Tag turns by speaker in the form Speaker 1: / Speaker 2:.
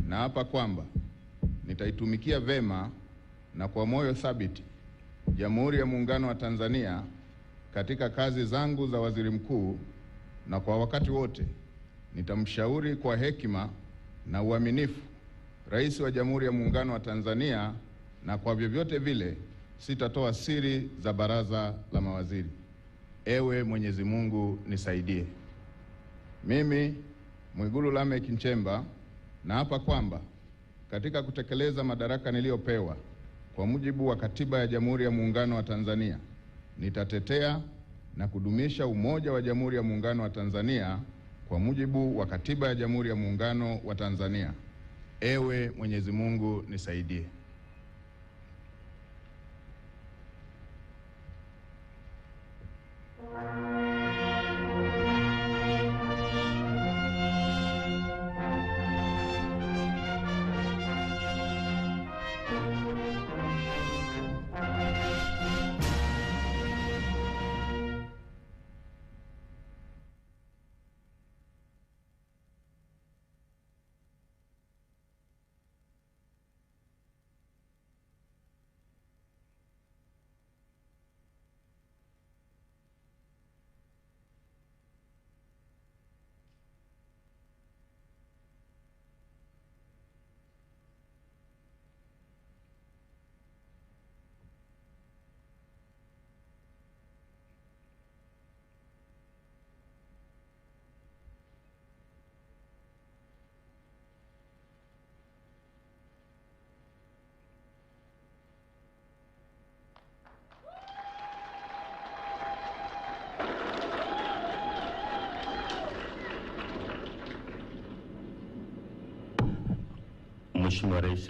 Speaker 1: Naapa kwamba nitaitumikia vema na kwa moyo thabiti Jamhuri ya Muungano wa Tanzania katika kazi zangu za waziri mkuu, na kwa wakati wote nitamshauri kwa hekima na uaminifu Rais wa Jamhuri ya Muungano wa Tanzania, na kwa vyovyote vile sitatoa siri za baraza la mawaziri. Ewe Mwenyezi Mungu nisaidie. Mimi Mwigulu Lameck Nchemba Naapa kwamba katika kutekeleza madaraka niliyopewa kwa mujibu wa Katiba ya Jamhuri ya Muungano wa Tanzania, nitatetea na kudumisha umoja wa Jamhuri ya Muungano wa Tanzania kwa mujibu wa Katiba ya Jamhuri ya Muungano wa Tanzania. Ewe Mwenyezi Mungu nisaidie. Gelişim